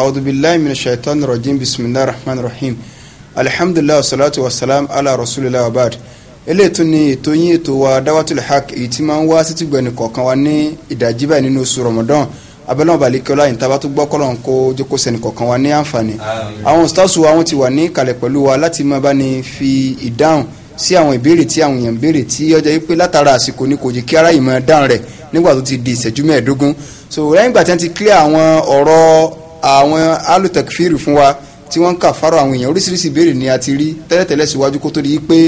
أعوذ بالله من الشيطان الرجيم بسم الله الرحمن الرحيم الحمد لله والصلاة والسلام على رسول الله وبعد eléyìí tún ni ètò yín ètò wa dáwàtúlẹ̀ haq èyí tí máa ń wá sí tìgbẹ̀ni kọ̀ọ̀kan wa ní ìdajì báyìí nínú oṣù ramadan abẹ́lẹ́ ọba àlekẹ́lá yìí tábà tó gbọ́ kọ́lọ̀ ń kó jókòó sẹ́ni kọ̀ọ̀kan wa ní àǹfààní. àwọn stars wa wọn ti wà ní kalẹ̀ pẹ̀lú wa láti máa bá ní fi ìdáhùn sí àwọn ìbéèrè tí àwọn èèyàn béèrè tí ọjọ́ yìí pé látara àsìkò ni kò jẹ́ kí ara yìí máa dáhùn rẹ̀ nígbà tó ti di ìṣẹ́jú mẹ́ẹ̀ẹ́dógún so lẹ́yìn ìgbà ti clear àwọn ọ̀rọ̀ àwọn alutakfiri fún wa tí wọ́n ń kà fárọ̀ àwọn èèyàn oríṣiríṣi ìbéèrè ni a ti rí tẹ́lẹ̀tẹ́lẹ̀ síwájú kó tó di pé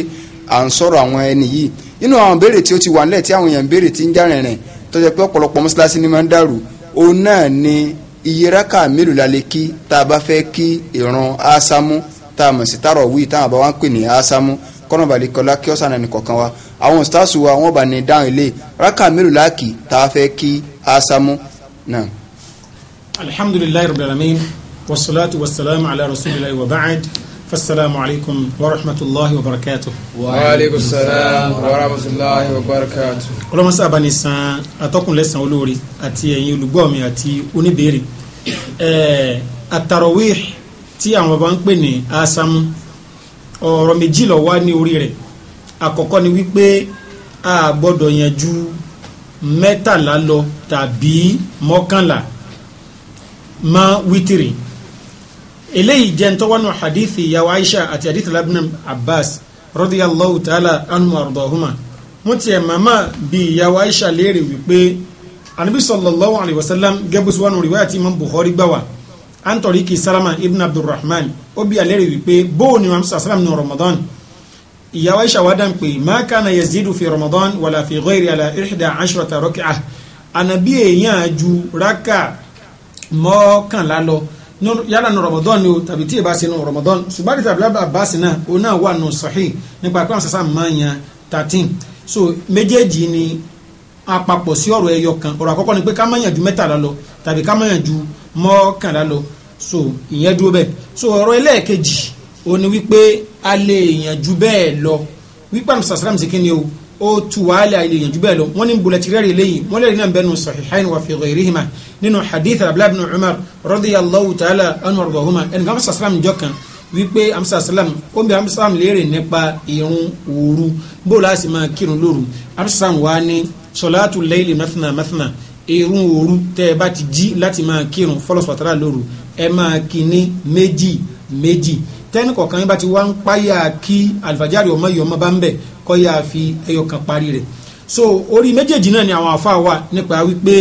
à ń sọ̀rọ̀ àwọn ẹni yìí nínú àwọn béèrè tí ó ti wà nílẹ̀ tí àwọn èèyàn béèrè ti ń já rìnrìn tó jẹ́ pé ọ̀pọ̀lọpọ̀ mọ́ṣáláṣí ni máa ń dàrú òun náà ni iye rákà mélòó la lè kí tá a bá fẹ́ kí ìran ásámú tá a mọ̀ sí tààrọ̀ wí táwọn àbá wa ń pè ní ásámú kọ́nà balẹ̀ kọlá kí ọ̀sán ẹnì kọ̀ọ̀kan wa àwọn òṣìṣẹ́ àṣùwà wọn bá ní dáhùn ilé rákà mélòó la tá a fẹ́ kí ásámú náà alhamdulilayi rabbil alamin wasalaatu wasalaamu ala rasulilayi wa baad fasalaamu alaykum wa rahmatulahi wa barakatu. wa aleykum salaam wa rahmatulahi wa barakatu. ọlọ́mọsá bá ní san atọ́kùnlẹ́sàn olóore àti ẹ̀yin olùgbọ́ mi àti oníbèrè ẹ̀ẹ́ àtàrọ̀wé tí àwọn bá ń pè ní asamu ọ̀rọ̀ méjì ló wà ní orí rẹ̀ àkọ́kọ́ ni wípé a gbọ́dọ̀ yanjú mẹ́tàlá lọ tàbí mọ́kànlá ma wítìrì eléyìí jẹ́ ntọ́wọ́nù hadithi yawa aisha àti hadithi labna abbas radiyallahu ta'ala anhu ardọ́huma wọ́n tiẹ̀ màmá bí yawa aisha léèrè wípé anabi sallallahu alayhi wa sallam gẹ́bùsù wọnú riwaya ti imam bukhari gbáwa antori kì salama ibn abdulrahman ó bí alẹ́rè wípé bóò ni mamsa salam ní ramadan ìyàwó aisha wa dàn pé ma kana yazidu fi ramadan wala fi ghayri ala ihda ashrata rak'ah anabi èèyàn ju raka mọ́kànlá lọ yálà nu Ramadan ni o tàbí tí ìbá ṣe nu Ramadan ṣùgbọ́n àti ba Abbas na o náà wà nù sahih nípa pé àwọn sàṣà máa ń yan thirteen so méjèèjì ni àpapọ̀ sí ọ̀rọ̀ ẹyọ kan ọ̀rọ̀ àkọ́kọ́ ni pé ká má yàn ju mẹ́tàlá lọ tàbí ká má yàn ju mọ́kànlá lọ so ìyẹn dúró bẹ́ẹ̀ so ọ̀rọ̀ ẹlẹ́ẹ̀kejì o ni wípé a lè yàn ju bẹ́ẹ̀ lọ wípé àmì sàṣà ó tu wàhálà ilé yẹn jù bẹ́ẹ̀ lọ wọ́n ní bulẹ̀tìrẹ́ rẹ̀ lẹ́yìn wọ́n lè rí náà bẹ́nu sahihain wa fi ghayrihima nínú hadith abdullahi bin umar radiyallahu ta'ala anhu ardahuma ẹnì kan amsa salam jọ kan wípé amsa salam ó ń bẹ amsa salam léèrè nípa irun òru bóòlù àti máa kírun lóru amsa salam wà ní sọláàtù layli mathna mathna irun òru tẹ́ ẹ bá ti jí láti máa kírun fọlọ́sọ̀tàrà lóru ẹ máa kí méjì méjì tẹ́nì kọ̀ọ̀kan yín bá ti wá ń páyà kí alifajari ọmọ yìí ọmọ bá ń bẹ̀ kọ́ yà fi ẹyọ kan parí rẹ̀ so orí méjèèjì náà ni àwọn àfa wà nípa wípé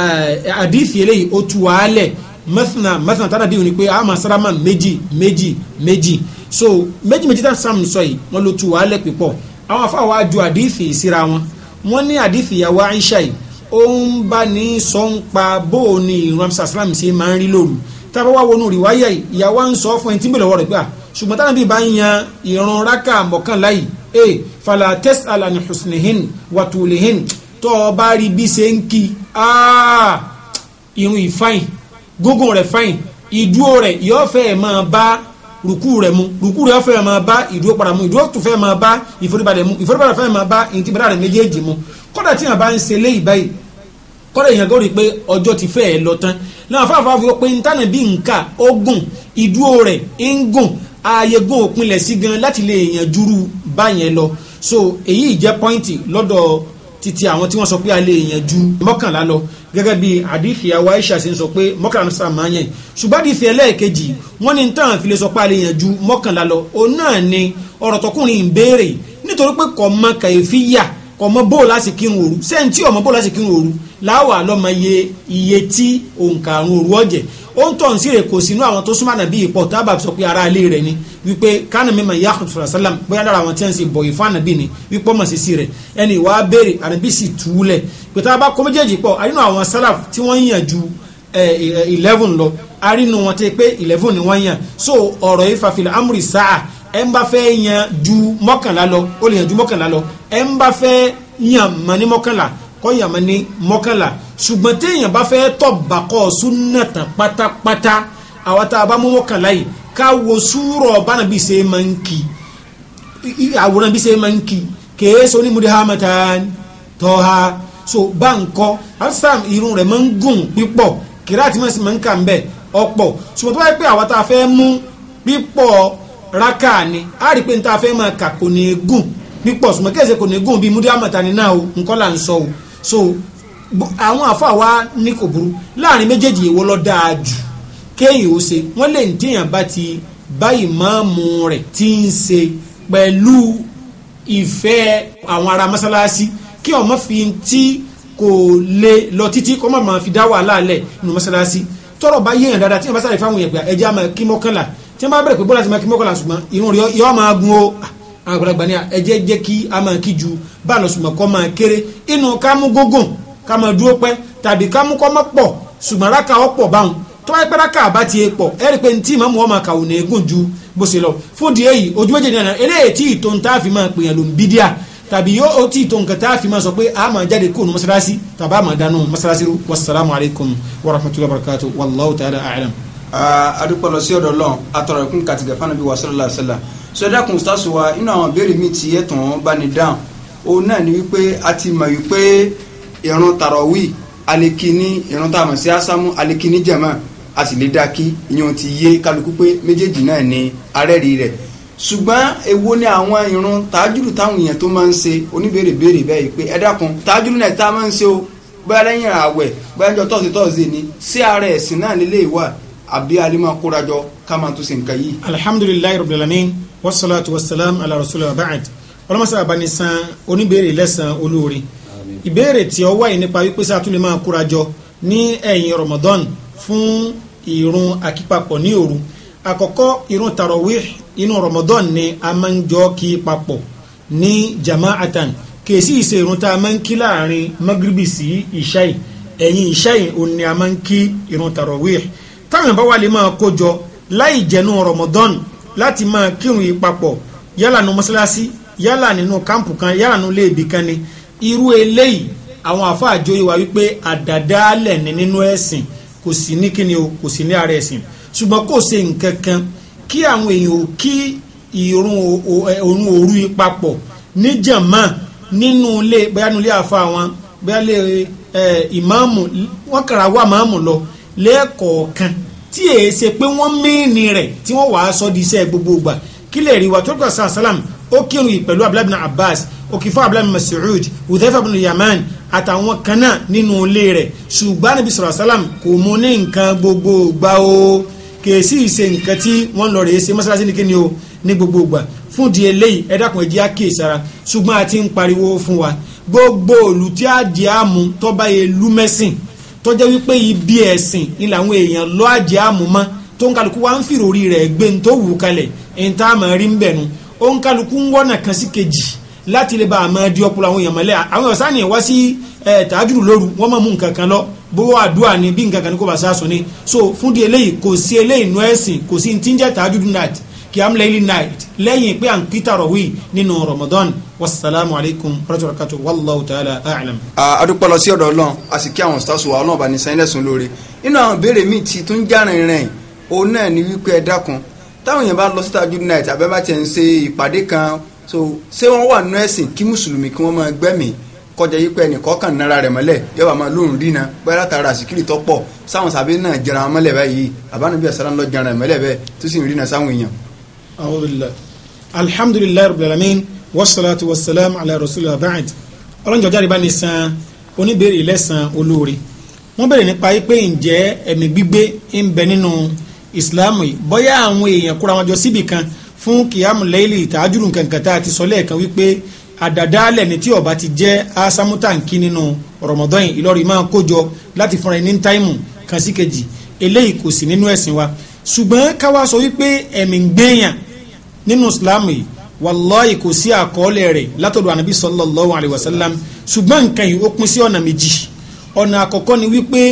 eh, àdìsí eléyìí ó tu wàhálẹ̀ mẹ́sàn-án mẹ́sàn-án tánà bí wọn ni pé àmà sáramà méjì méjì méjì so méjì méjì tán sàm sọ yìí wọn ló tu wàhálẹ̀ pípọ̀ àwọn àfa wà ju àdìsí síra wọn wọn ní àdìsí ìyàwó Aisha yìí ó ń bá ní sọ ń pa bóò ni ìrànṣà sàlámù sí máa ń rí lóru tábà wá wọnú rìwáyà yìí ìyàwó à ń sọ fún ẹni tí ń bẹ lọ́wọ́ rẹ̀ gbà ah, ṣùgbọ́n táwọn bíi bá ń yan ìran rákà mọ̀kànlá yìí e eh, fàlà tẹ́sí alani husnihin wàtúlihin tó o bá rí bí ṣe ń kí ah, irun ìfáìn gógùn rẹ̀ fáìn ìdúró rẹ̀ yóò fẹ́ máa bá rùkú rẹ̀ mu rùkú rẹ̀ fẹ́ máa bá ìdúró padà mu ìdúró tún fẹ́ máa bá ìforíbalẹ̀ mu ìforíbalẹ̀ fẹ́ máa bá ìtìbẹ̀rẹ̀ rẹ̀ méjèèjì mu kódà tí wọn bá ń ṣe léyìí báyìí kọ́dọ̀ èèyàn gòrì pé ọjọ́ ti fẹ́ ẹ lọ tán náà fáfáfá fi pé ntànà bí nǹka ó gùn ìdúró rẹ̀ ń gùn ààyè gùn òpinlẹ̀ sí gan láti lè yàn júrú báyẹn lọ so èyí jẹ́ pọ́ìntì lọ́dọ̀ titi àwọn tí wọ́n sọ pé a lè yàn ju mọ́kànlá lọ gẹ́gẹ́ bí àdìfì àwa aisha ṣe ń sọ pé mọ́kànlá sà máa yàn ṣùgbọ́n àdìfì ẹlẹ́ẹ̀kejì wọ́n ní tàn fi lè sọ pé a lè yàn ju mọ́kànlá lọ òun náà ni ọ̀rọ̀ tọkùnrin ń béèrè nítorí pé kò mọ kàyéfì yà ọmọ bó láti kírun òru sẹ́ńtì ọmọ bó láti kírun òru láwà lọ́mọ iye iye tí òǹkà àrùn òru ọ̀jẹ̀ ó ń tọ̀ sí rẹ̀ sínú àwọn tó súnmọ́ ànábì ìpọ̀ tábà sọ pé ara ilé rẹ̀ ni wípé kánà mímọ̀ ìyá àkùnfọ̀rọ̀ sálàm bóyá lára àwọn tí wọ́n ń ṣe bọ̀yì fún ànábì ni wípé ọmọ sì sí rẹ̀ ẹni ìwà béèrè ànábì sì túlẹ̀ pé tá bá kó méjèèjì pọ̀ àrínú àwọn sálàf tí wọ́n yàn ju eleven lọ àrínú wọn ti pé eleven ni wọ́n yàn so ọ̀rọ̀ ìfàfilẹ̀ amúrì sáà ẹ ń bá fẹ́ yan ju mọ́kànlá lọ ó lè yan ju mọ́kànlá lọ ẹ ń bá fẹ́ yan mọ́ ní mọ́kànlá kọ́ yan mọ́ ní mọ́kànlá ṣùgbọ́n téèyàn bá fẹ́ tọ̀ bàkọ́ súnàtà pátápátá àwa tá a bá mú mọ́kànlá yìí ká wo súrọ̀ bánà bí ṣe máa ń kì àwòrán bí ṣe máa ń kì kèé so ní múdi hamatan tọ́ha so bá ń alsam irun rẹ̀ máa ń gùn pípọ̀ kìrá àti mọ̀sí máa ń kà ń bẹ̀ ọ̀pọ̀ ṣùgbọ́n tó bá yẹ a fẹ́ mú pípọ̀ raka ni a rí i pé n ta fẹ́ máa kà kò ní gùn pípọ̀ o o so àwọn àfa wa ní kò burú láàrin méjèèjì èwo ló dáa jù kéèyàn ó ṣe wọ́n lè díyàn bá ti bá ìmáàmù rẹ̀ ti ń ṣe pẹ̀lú ìfẹ́ àwọn ará mọ́sálásí kí fi ti kò le lọ títí fi dá wàhálà lẹ̀ tí wọ́n bá bẹ̀rẹ̀ pé bọ́lá ti máa kí mọ́kànlá ṣùgbọ́n irun rẹ̀ yọ máa gun o ah, àwọn àgbàlagbà ni ah, ẹjẹ́ jẹ́ kí a máa kí ju bá a lọ ṣùgbọ́n kọ́ máa kéré inú ká mú gógùn ká máa dúró pẹ́ tàbí ká mú kọ́ mọ́ pọ̀ ṣùgbọ́n rákà ọ́ pọ̀ báwọn tó wáyé pé rákà bá ti pọ̀ ẹ rí i pé ntí ìmọ̀mù ọmọ àkàwò ní egún ju bó ṣe lọ fún di èyí ojú méjèèjì náà eléyìí tí ìtò wallahu ta'ala a'lam. Ah, adúpẹ́ lọ sí ọ̀dọ̀ Ọlọ́run atọ̀rọ̀ ìkún kàtìgẹ̀ fanabi wa sallallahu alaihi wasallam sọdá kun sitasu wa inú àwọn béèrè mi ti yẹ tàn bá ní dáhùn òun náà ni wípé a ti mọ̀ wípé ìrun tàrọ̀wì alekini ìrun tá a mọ̀ sí asámú alekini jẹ̀mọ́ a sì lè dá kí ìyẹn ti yé kálukú pé méjèèjì náà ni arẹ́rìí rẹ̀ ṣùgbọ́n èwo ni àwọn ìrun tàájúlù táwọn èèyàn tó máa ń ṣe oníbèrè béèrè bẹ́ẹ̀ pé ẹ dákun tàájúlù náà tá a máa ń o bóyá lẹ́yìn àwẹ̀ bóyá ọjọ́ tọ́sí tọ́sí ni sí ara ẹ̀sìn náà nílé àbí alima kórajọ ká máa tún ṣe nǹkan yìí. alhamdulilayi wasalaatu wasalaam ala rasulillah ba'ad ọlọmọsá abanisan oníbèrè lẹsan olóore ìbéèrè tí ó wáyé nípa wípé sáà tún lè máa kórajọ ní ẹ̀yìn ramadan fún ìrun akípapọ̀ ní òru àkọ́kọ́ ìrun tarawih inú ramadan ni a máa ń jọ kí papọ̀ ní jama'atan kèsì ìṣe ìrun tá a máa ń kí láàrin magribi sí ìṣáì ẹ̀yìn ìṣáì òun ni a máa ń kí ìrun tarawih táwọn bá wà lè máa kójọ láì jẹnu Ramadan láti máa kírun yìí papọ̀ yálà nu mọ́sálásí yálà nínú kámpù kan yálà nu léèbì kan ni irú eléyìí àwọn àfa àjòyè wa wípé àdàdálẹ̀ ni nínú ẹ̀sìn kò sí ní kíni o kò sí ní ara ẹ̀sìn ṣùgbọ́n kò ṣe nǹkan kan kí àwọn èèyàn ò kí ìrun òru òru yìí papọ̀ níjàmá nínú ilé bóyá nílé àfa wọn bóyá lè ìmáàmù wọn kàrà wá máàmù lọ lẹ́ẹ̀kọ̀ọ̀kan tí èé ṣe pé wọ́n mẹ́ẹ̀ni rẹ̀ tí wọ́n wàá sọ di iṣẹ́ gbogbo gbà kílẹ̀ rí wa tó gbà sáà sálàm ó kírun yìí pẹ̀lú abdullahi bin abbas òkìfọ́ abdullahi bin mas'ud udhaifa bin yaman àtàwọn kan náà nínú ilé rẹ̀ ṣùgbọ́n níbi sọ̀rọ̀ sálàm kò mú ní nǹkan gbogbo gbà o kèsì ìṣe nǹkan tí wọ́n lọ rèé ṣe mọ́ṣáláṣí ni kíni o ní gbogbo gbà fún di eléyìí ẹ dákun ẹ jẹ́ àkíyèsára ṣùgbọ́n àti ń pariwo fún wa gbogbo olùtí àdìámu tọ́ba yẹn lú tó jẹ́ wípé ibi ẹ̀sìn ni làwọn èèyàn lọ́ àjẹ́ àmúmọ́ tó ń kálukú wá ń fìròrí rẹ̀ gbé ń tó wù kalẹ̀ ń tá a máa rí ń bẹ̀ nu ó ń kálukú ń wọ́nà kan sí kejì láti lè ba àmọ́ di ọpọlọ àwọn èèyàn mọ́lẹ̀ àwọn ọ̀sán ni wá sí tàájúrù lóru wọ́n máa mú nǹkan kan lọ bówó àdúrà ni bí nǹkan kan ní kò bá sáàsùn ni so fún di eléyìí kò sí eléyìí nú ẹ̀sìn kò sí ti ń jẹ́ tàájúrù night kìámlẹ́lì night lẹ́yìn pé à ń kí tàrọ̀wì nínú Ramadan wasalaamu aleykum rajulakatu wallahu ta'ala a'lam. adúpẹ́ lọ sí ọ̀dọ̀ ọlọ́run a sì kí àwọn stars wa ọlọ́run bá ní sẹ́yìn lẹ́sùn lóore nínú àwọn ìbéèrè míì tí tún járin rẹ̀ òun náà ni wípé ẹ dákun táwọn èèyàn bá lọ síta good night àbẹ́ bá tiẹ̀ ń ṣe ìpàdé kan so ṣé wọ́n wà nínú ẹ̀sìn kí mùsùlùmí kí wọ́n máa gbẹ́mìí kọjá yí pé ẹnìkan kàn rẹ̀ mọ́lẹ̀ yọba máa lóhùn dínà pẹ́ látara àsìkiri tó pọ̀ sáwọn sàbí náà jẹra wọn mọ́lẹ̀ báyìí àbánubí ẹ̀sára ńlọ jẹra mọ́lẹ̀ bẹ́ẹ̀ tó sì ń rínà sáwọn èèyàn. alhamdulilayi rabbil alamin wasalaatu wasalaam ala rasulillah ba'd ọlọ́njọ́ jáde bá ní san oníbèrè lẹ́sàn olóore wọ́n bèrè nípa pé ǹjẹ́ ẹ̀mí gbígbé ń bẹ nínú ìsìláàmù yìí bóyá àwọn èèyàn kóra wọn jọ síbì kan fún kìámù lẹ́yìnlì tààjùrù kankan tá a ti sọ lẹ́ẹ̀kan wípé àdàdálẹ̀ ní tí ọba ti jẹ́ asámútàǹkì nínú Ramadan yìí Ìlọrin máa kójọ láti fúnra ẹni táìmù kan sí kejì eléyìí kò sí nínú ẹ̀sìn wa ṣùgbọ́n káwá sọ wípé ẹ̀mí ń nínú ìsìláàmù yìí wàláyì kò sí àkọọ́lẹ̀ rẹ̀ látọ̀dọ̀ ànábì sallallahu alayhi wa sallam ṣùgbọ́n nǹkan yìí ó pín sí ọ̀nà méjì ọ̀nà àkọ́kọ́ ni wípé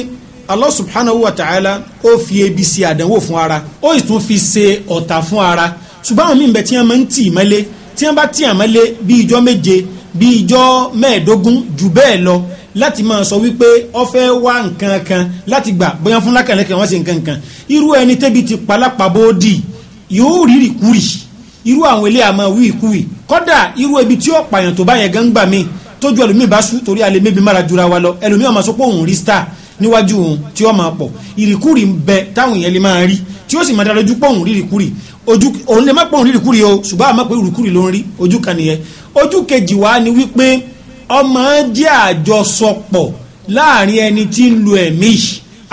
Allah subhanahu wa ta'ala ó fi ebi ṣe àdánwò fún ara ó sì tún fi ṣe ọ̀tá fún ara ṣùgbọ́n àwọn míì bẹ tí wọ́n máa ń tì í mọ́lé tí wọ́n bá tì í mọ́lé bí ijọ́ méje bí ijọ́ mẹ́ẹ̀ẹ́dógún jù bẹ́ẹ̀ lọ láti máa sọ wípé ó fẹ́ wá nǹkan kan láti gbà bóyá fún lákàlẹ́kẹ̀ wọ́n ṣe nǹkan kan irú ẹni tẹ́bi ti palápàbó dì yóò rírì kúrì irú àwọn ilé àmọ́ wí ìkúwì kọ́dà irú ibi tí ó pààyàn tó bá yẹn gan gbà mí tójú ẹlòmíì bá sú torí alẹ́ mébi mára jura wa lọ ẹlòmíì ọmọ sọ pé òun rí star níwájú òun tí ó máa pọ̀ ìrìkúrì ń bẹ táwọn èèyàn lè máa rí tí ó sì máa dára ojú pọ̀ òun rí ìrìkúrì ojú òun lè má pọ̀ òun rí ìrìkúrì o ṣùgbọ́n àmọ́ pé ìrìkúrì ló ń rí ojú kan nìyẹn ojú kejì wa ni wípé ọmọ jẹ́ àjọsọpọ̀ láàrin ẹni tí ń lu ẹ̀mí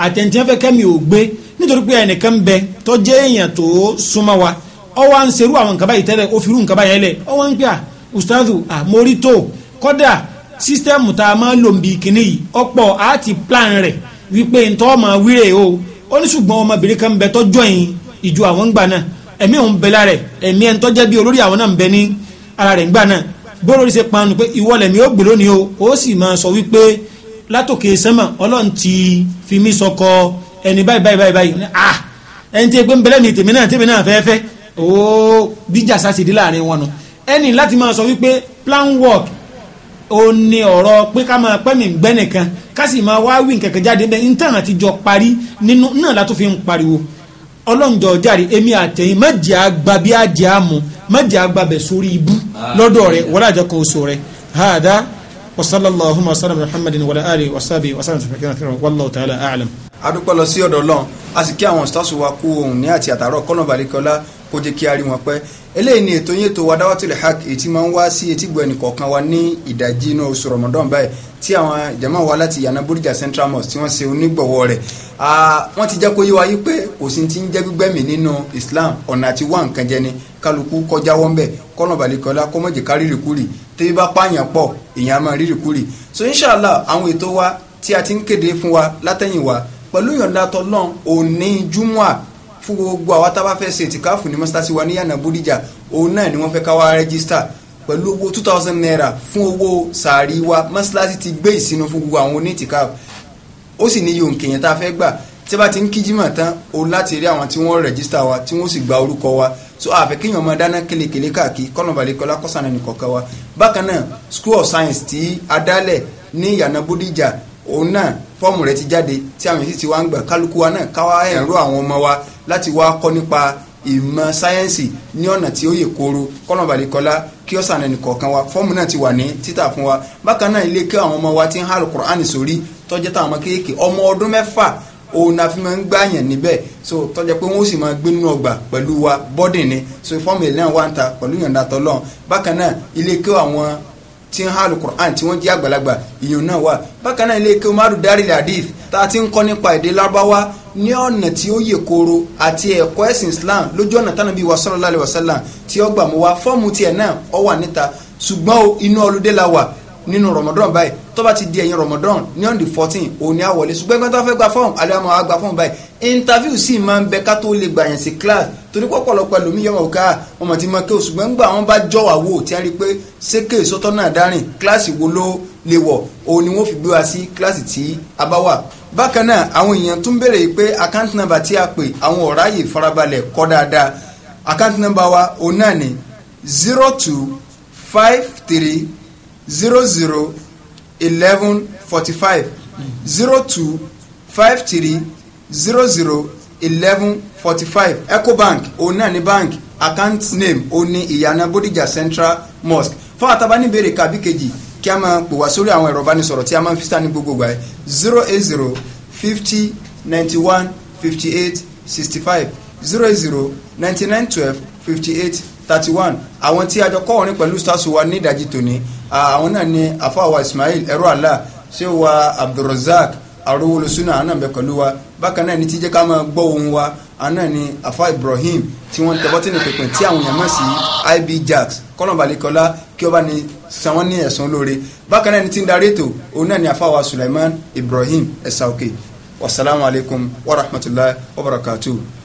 àtẹ̀ntẹ́fẹ́ kẹ́mi ò gbé nítorí pé ẹnìkan ń bẹ tó èèyàn tó súnmọ́ wa ọwọ́ à ń serú àwọn nǹkan báyìí tẹ́lẹ̀ ó fi rú nǹkan báyìí lẹ̀ ọwọ́ ń pè à ustazu àmórí tá a máa lò ń bi yìí ọ̀pọ̀ á ti plan rẹ̀ wípé ntọ́ ma wíre o ó ní ṣùgbọ́n ọmọbìnrin kan bẹ tọ́jọ́ yìí ìjọ àwọn ń gbà náà ẹ̀mí òun bẹ lára ẹ̀mí ẹ̀ ń tọ́jẹ́ bí olórí àwọn náà ń bẹ ní ara rẹ̀ ń gbà náà bóró ṣe panu pé ìwọ lẹ̀mí ó gbèrò ni o ó sì máa sọ wípé látòkè sẹ́mà ọlọ́run ti fi mí sọkọ ẹni báyìí báyìí báyìí ah ẹni tí egbé ń bẹ lẹ́mìí tèmi náà tèmi náà fẹ́ẹ́fẹ́ ó bíjà sásìdí láàrin wọn nù ẹni láti máa sọ wípé plan work ó ní ọ̀rọ̀ pé ká máa pẹ́mì ń gbẹ́ nìkan ká sì máa wá wí nǹkankan jáde bẹ́ẹ̀ ní tàn àtijọ́ parí nínú náà látó fi ń pariwo ọlọ́njọ́ jáde èmi àtẹ̀yìn mẹ́jẹ̀ àgbà bí àjẹ́ àmú mẹ́jẹ̀ àgbà bẹ̀ sórí ibú ah. lọ́dọ̀ rẹ̀ wọ́n àjẹkọ̀ oṣù rẹ̀ hàdá. وصلى اللهم وسلم على محمد وعلى اله وصحبه وسلم تسليما كثيرا والله تعالى اعلم adúpẹ́ lọ sí ọ̀dọ̀ ọlọ́run a sì kí àwọn stars wa kú ohun ní àti àtàrọ̀ kọ́nà balẹ̀kọ́lá kó jẹ́ kí a rí wọn pẹ́ eléyìí ni ètò yín ètò wa hak Haq ètí máa ń wá sí etí gbọ́ ẹnìkọ̀ọ̀kan wa ní ìdajì inú oṣù Ramadan báyìí tí àwọn jama wa láti yànnà Bódìjà Central Mosque tí wọ́n ṣe onígbọ̀wọ́ rẹ̀ wọ́n ti jẹ́ kó yé wa yí pé kò sí ti ń jẹ́ gbígbẹ́mì nínú Islam ọ̀nà àti wá nǹkan jẹ ni kálukú kọjá wọ́n bẹ̀ kọ́nà balẹ̀kọ́lá kọ́mọ̀jì ká rírì kúrì tẹ́bí bá pààyàn pọ̀ èèyàn máa rírì kúrì so inshallah àwọn ètò wa tí a ti ń kéde fún wa látẹ̀yìn wa pẹ̀lú ìyọ̀ǹda tọ́lọ́n òní júmọ́à fún gbogbo àwa tá a bá fẹ́ ṣe ìtìkáfù ní mọ́sításí wa ní yànnà bódìjà òun náà ni wọ́n fẹ́ ká wá rẹ́gísítà pẹ̀lú owó two thousand naira fún owó sàárì wa mọ́sításí ti gbé ìsinú fún gbogbo àwọn onítìkáfù ó sì ní yòókè yẹn tá a fẹ́ gbà tí a bá ti ń kíjìmọ̀ tán o láti rí àwọn tí wọ́n rẹ́gísítà wa tí wọ́n sì gba orúkọ wa so àfẹ́ kí èèyàn máa dáná kélekèlé káàkiri kọ́nàbàlẹ̀ kọ́lá kọ́sànà nìkọ̀ọ̀kan wa bákan school science tí adálẹ̀ ní ìyànà bódìjà òun fọ́ọ̀mù rẹ̀ ti jáde tí àwọn èsì ti wá ń gbà kálukú wa náà káwá ẹ̀rọ àwọn ọmọ wa láti wá kọ́ nípa ìmọ̀ sáyẹ́ǹsì ní ọ̀nà tí ó yè kooro kọ́nà balẹ̀kọ́lá kí ọ̀sán ẹnì kọ̀ọ̀kan wa fọ́ọ̀mù náà ti wà ní títà fún wa bákan náà ilé kí àwọn ọmọ wa ti ń hàlù kùránì sórí tọ́jẹ́ táwọn ọmọ kéékèèké ọmọ ọdún mẹ́fà òun la fi máa ń gbàyàn níbẹ̀ so tọ́jà pé wọ́n sì máa gbé nínú ọgbà pẹ̀lú wa bọ́dìn ni so fọ́ọ̀mù ìlànà wa ń ta pẹ̀lú ìyọ̀ǹda tọ́lọ́n bákan náà ilé kí àwọn tí ń ha alukur'an tí wọ́n jẹ́ àgbàlagbà ìyẹn náà wà bákan náà ilé kéwọ́n márùn dárí hadith tá a ti ń kọ́ nípa èdè lárúbáwá ní ọ̀nà tí ó yè koro àti ẹ̀kọ́ ẹ̀sìn islam lójú ọ̀nà tánà bíi sallallahu alaihi wasallam tí ó gbà wa fọ́ọ̀mù tiẹ̀ náà ó wà níta ṣùgbọ́n inú ọlùdé la wà nínú rọmọdún báyìí tó bá ti di ẹ̀yìn Ramadan ní on the fourteen òun ni a wọlé ṣùgbọ́n ẹgbẹ́ tó fẹ́ gba fọ́ọ̀mù alẹ́ àmọ́ àgbà fọ́ọ̀mù báyìí interview sì máa ń bẹ ká tó lè gbà yẹn sí class torí pọ̀pọ̀lọpọ̀ ẹlòmíì yọmọ ká ọmọ tí mo ké o ṣùgbọ́n gbà wọ́n bá jọ wà wò tí a rí i pé sékè sọ́tọ́ náà dárìn kíláàsì wo ló lè wọ̀ òun ni fi gbé wa sí kíláàsì tí a bá wà. bákan náà àwọn èèyàn tún béèrè pé account number tí a pè àwọn ọ̀rá yìí farabalẹ̀ kọ́ dáadáa account number wa òun náà ni zero two five three zero zero eleven forty five zero two five three zero zero eleven forty five ecobank òun náà ní bank account name òun ní ìyànà bodijà central mosque fún àtàbá ní ìbéèrè kàbí kejì kí a máa pò wá sórí àwọn ẹ̀rọ ìbánisọ̀rọ̀ tí a máa ń fi sáà ní gbogbo gbà ẹ̀ zero eight zero fifty ninety one fifty eight sixty five zero eight zero ninety nine twelve fifty eight thirty one àwọn tí àjọ kọ́ orin pẹ̀lú stars wa ní ìdajì tòní àwọn náà ni àfàwà Ismail ẹ̀rọ àlà ṣé wa Abdulrasaq arúgbólosúnà àná bẹ pẹ̀lú wa bákan náà ni tíjẹ́ ká máa gbọ́ ohun wa àná ni àfà Ibrahim tí wọ́n tẹ bọ́tìnì pẹ̀pẹ̀ tí àwọn èèyàn mọ̀ sí IB Jax kọ́nàbàlẹ́kọ́lá kí ọba ni san wọ́n ní ẹ̀sán lóore bákan náà ni tí ń darí ètò òun náà ni àfà wa Sulaiman Ibrahim ẹ̀sà òkè wasalaamualeykum wa rahmatulahi wa barakatuh.